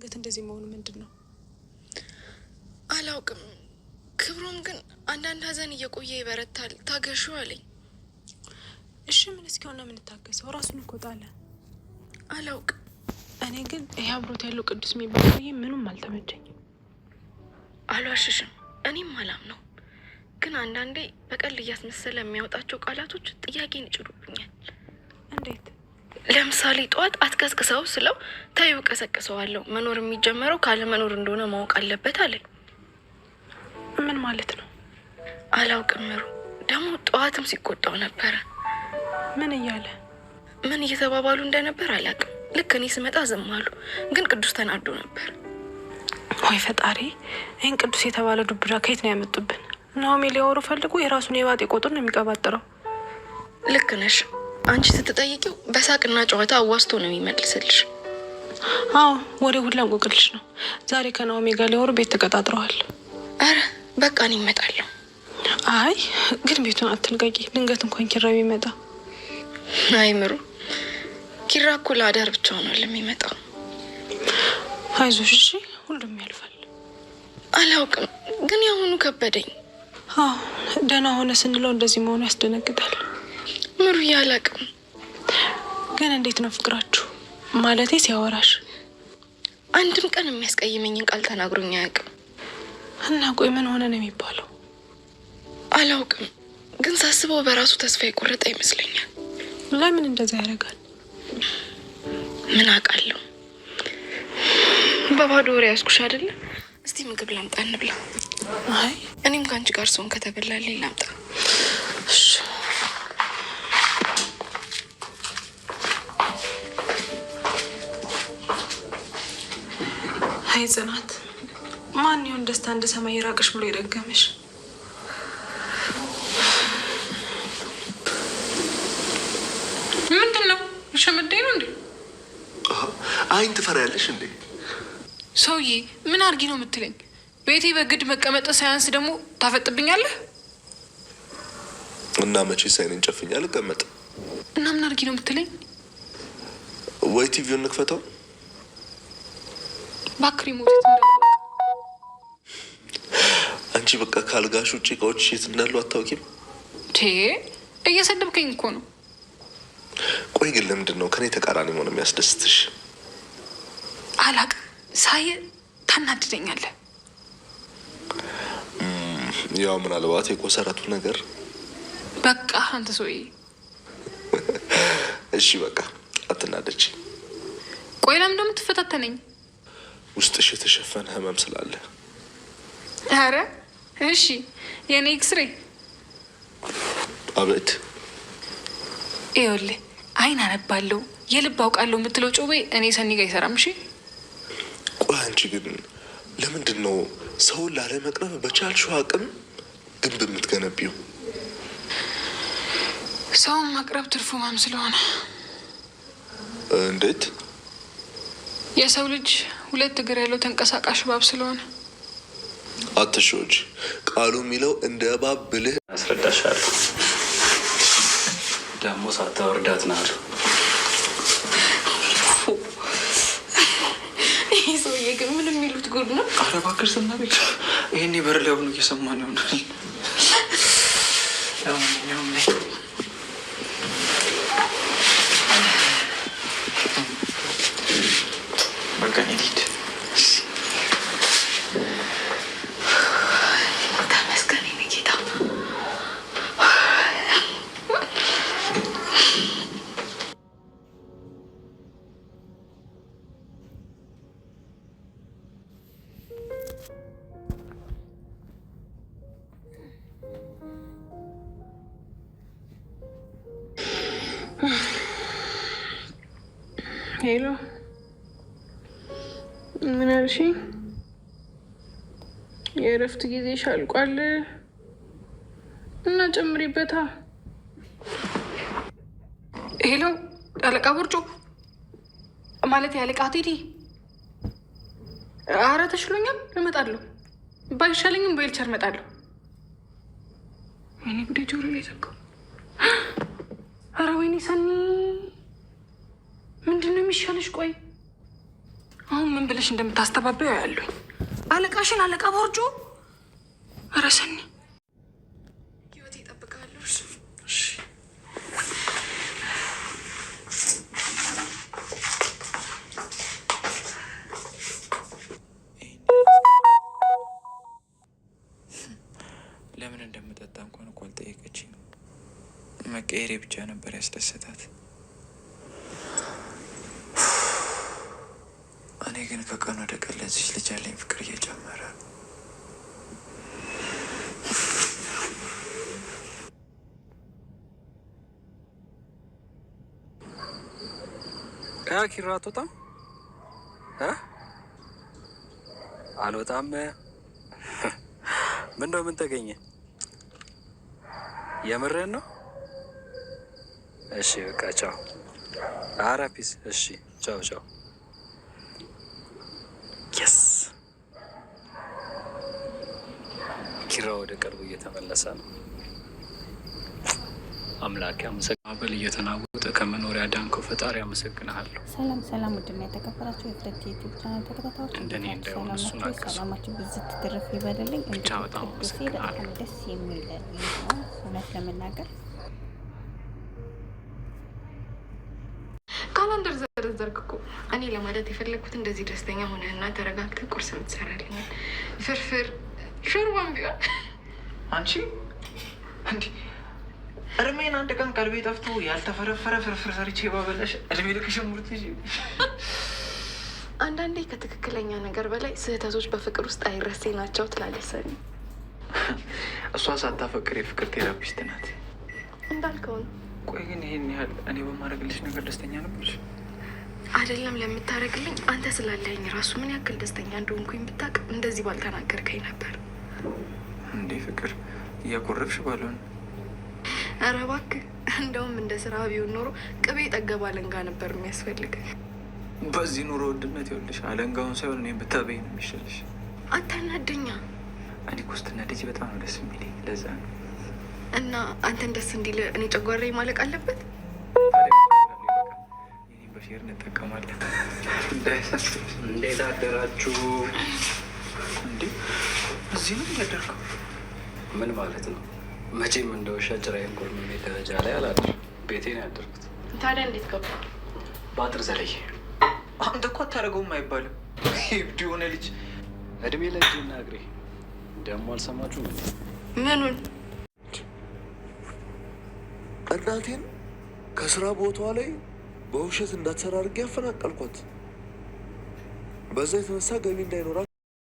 ድንገት እንደዚህ መሆኑ ምንድን ነው አላውቅም። ክብሮም ግን አንዳንድ ሀዘን እየቆየ ይበረታል። ታገሹ አለኝ። እሺ ምን እስኪሆን ነው የምንታገሰው? ራሱን እኮ ጣለ። አላውቅም። እኔ ግን ይሄ አብሮት ያለው ቅዱስ የሚባለው ይሄ ምኑም አልተመቸኝም። አልዋሽሽም፣ እኔም አላም ነው። ግን አንዳንዴ በቀል እያስመሰለ የሚያወጣቸው ቃላቶች ጥያቄን ይጭሩብኛል። እንዴት ለምሳሌ ጠዋት አትቀስቅሰው ስለው ታዩ ቀሰቅሰዋለሁ። መኖር የሚጀመረው ካለመኖር እንደሆነ ማወቅ አለበት አለኝ። ምን ማለት ነው አላውቅም። ምሩ ደግሞ ጠዋትም ሲቆጣው ነበረ። ምን እያለ ምን እየተባባሉ እንደነበር አላውቅም። ልክ እኔ ስመጣ ዝም አሉ፣ ግን ቅዱስ ተናዶ ነበር። ወይ ፈጣሪ! ይህን ቅዱስ የተባለ ዱብዳ ከየት ነው ያመጡብን? ናሆሜ ሊያወሩ ፈልጎ የራሱን የባጤ ቆጡን ነው የሚቀባጥረው። ልክ ነሽ። አንቺ ስትጠይቂው በሳቅና ጨዋታ አዋስቶ ነው የሚመልስልሽ። አዎ ወሬ ሁላ እንቆቅልሽ ነው። ዛሬ ከናኦሚ ጋር ሊወሩ ቤት ተቀጣጥረዋል። አረ በቃ እኔ እመጣለሁ። አይ ግን ቤቱን አትልቀቂ፣ ድንገት እንኳን ኪራ ቢመጣ። አይ ምሩ፣ ኪራ እኮ ለአዳር ብቻ ሆኗል የሚመጣው። አይዞሽ እሺ፣ ሁሉም ያልፋል። አላውቅም ግን ያሁኑ ከበደኝ። አዎ ደህና ሆነ ስንለው እንደዚህ መሆኑ ያስደነግጣል። ምሩዬ አላውቅም፣ ግን እንዴት ነው ፍቅራችሁ? ማለቴ ሲያወራሽ አንድም ቀን የሚያስቀይመኝን ቃል ተናግሮኝ አያውቅም። እና ቆይ ምን ሆነ ነው የሚባለው? አላውቅም፣ ግን ሳስበው በራሱ ተስፋ የቆረጠ ይመስለኛል። ለምን እንደዛ ያደርጋል? ምን አውቃለሁ። በባዶ ወሬ ያስኩሽ አይደለም። እስቲ ምግብ ላምጣ እንብላ። አይ እኔም ከአንቺ ጋር ሰውን ከተበላልኝ ላምጣ። እሺ አይ ጽናት፣ ማን ይሁን ደስታ እንደ ሰማይ የራቀሽ ብሎ የደገመሽ? ምንድን ነው ሸመዳኝ ነው እንዴ? አይን ትፈሪያለሽ እንዴ? ሰውዬ ምን አድርጊ ነው የምትለኝ? ቤቴ በግድ መቀመጥ ሳያንስ ደግሞ ታፈጥብኛለህ። እና መቼ ሳይንን ጨፍኛ ልቀመጥ እና ምን አድርጊ ነው የምትለኝ? ወይ ቲቪውን እንክፈተው ባክሪ ሞት አንቺ በቃ ካልጋሽ ውጭ እቃዎች የት እንዳሉ አታውቂም። እየሰደብከኝ እኮ ነው። ቆይ ግን ለምንድን ነው ከኔ ተቃራኒ ሆነ የሚያስደስትሽ? አላቅ ሳየ ታናድደኛለ። ያው ምናልባት የቆሰረቱ ነገር በቃ አንተ ሰውዬ። እሺ በቃ አትናደች። ቆይ ለምን ትፈታተነኝ? ውስጥሽ የተሸፈነ ህመም ስላለ። አረ እሺ፣ የኔ ኤክስሬ አቤት። ይኸውልህ አይን አነባለሁ የልብ አውቃለሁ የምትለው ጮቤ እኔ ሰኒ ጋ አይሰራም። እሺ ቆይ፣ አንቺ ግን ለምንድን ነው ሰውን ላለመቅረብ በቻልሽው አቅም ግንብ የምትገነቢው? ሰውን ማቅረብ ትርፉ ማም ስለሆነ። እንዴት የሰው ልጅ ሁለት እግር ያለው ተንቀሳቃሽ እባብ ስለሆነ አትሾች ቃሉ የሚለው እንደ እባብ ብልህ አስረዳሻለሁ። ደግሞ ሳታወርዳት ናል። ይህ ሰውዬ ግን ምን የሚሉት ጉድ ነው? ኧረ እባክሽ ዝም በይ። ይህን በር ላይ ሆኖ እየሰማን ይሆናል። ለማንኛውም ሄሎ፣ ምን አልሽኝ? የእረፍት ጊዜሽ አልቋል እና ጨምሪበታ። ሄሎ፣ አለቃ ቦርጮ ማለት ያለቃ ቴዲ። አረ ተሽሎኛል፣ እመጣለሁ። ባይሻለኝም በዊልቸር እመጣለሁ። ወይኔ ጉዴ፣ ጆሮ ላይ ዘጋው። አረ ወይኔ ሰኒ ምንድን ነው የሚሻልሽ? ቆይ አሁን ምን ብለሽ እንደምታስተባበው ያሉኝ አለቃሽን አለቃ ቦርጆ ረሰኒ ህይወት ይጠብቃሉ። ለምን እንደምጠጣ እንኳን እኮ አልጠየቀችኝ። መቀየሬ ብቻ ነበር ያስደሰታት። እኔ ግን ከቀን ወደ ቀን ለዚች ልጅ ያለኝ ፍቅር እየጨመረ ነው። ኪራ አትወጣም? አልወጣም። ምን ነው ምን ተገኘ? የምሬን ነው። እሺ በቃ ቻው። አረ ፒስ። እሺ ቻው ቻው። ኪራ ወደ ቅርብ እየተመለሰ ነው። አምላክ አመሰግናበል እየተናወጠ ከመኖሪያ ዳንከው ፈጣሪ አመሰግናለሁ። ሰላም ሰላም፣ ውድና የተከበራችሁ የፍረት ዩቲዩብ ቻናል ተከታታዮች እንደኔ እንዳይሆን እሱን ሰላማችሁ ብዝት ትርፍ ይበልልኝ። ብቻ በጣም አመሰግናለሁ። ደስ የሚል እውነት ለመናገር ካላንደር ዘረዘርክ እኮ። እኔ ለማለት የፈለግኩት እንደዚህ ደስተኛ ሆነህና ተረጋግተህ ቁርስ የምትሰራልኝ ፍርፍር ሾርባም ቢሆን አንቺ እንዲ እድሜን አንድ ቀን ቀልቤ ጠፍቶ ያልተፈረፈረ ፍርፍር ሰርቼ ባበላሽ እድሜ ልክሽ ሙርት። አንዳንዴ ከትክክለኛ ነገር በላይ ስህተቶች በፍቅር ውስጥ አይረሴ ናቸው ትላለች ሰኒ። እሷ ሳታፈቅር የፍቅር ቴራፒስት ናት። እንዳልከውን ቆይ ግን ይሄን ያህል እኔ በማድረግልሽ ነገር ደስተኛ ነበርሽ? አይደለም ለምታደርግልኝ አንተ ስላለኝ ራሱ ምን ያክል ደስተኛ እንደሆንኩኝ ብታውቅ እንደዚህ ባልተናገርከኝ ነበር። እንዴ ፍቅር እያኮረፍሽ ባልሆን። ኧረ እባክህ እንደውም እንደ ስራ ቢሆን ኖሮ ቅቤ ጠገብ አለንጋ ነበር የሚያስፈልግ። በዚህ ኑሮ ውድነት ይኸውልሽ አለንጋውን ሳይሆን እኔ ብታበይ ነው የሚሻልሽ። አታናደኛ። እኔ እኮ ስትናደጂ በጣም ነው ደስ የሚል፣ ለዛ ነው እና አንተን ደስ እንዲል እኔ ጨጓራዬ ማለቅ አለበት። በሼር እንጠቀማለን። እንዴት አደራችሁ? እዚህ ነው እያደረኩ ምን ማለት ነው? መቼም እንደ ውሻ ጭራዬን ጎርምሜ ደረጃ ላይ አላድር ነው ያደርኩት። ታዲያ እንዴት ገባ? በአጥር ዘለይ። አንተ እኮ አታደርገውም አይባልም። ይብድ የሆነ ልጅ እድሜ ለእጅና እግሬ ደግሞ አልሰማችሁ ምኑን እናቴን ከስራ ቦታዋ ላይ በውሸት እንዳትሰራ አድርጌ ያፈናቀልኳት። በዛ የተነሳ ገቢ እንዳይኖራ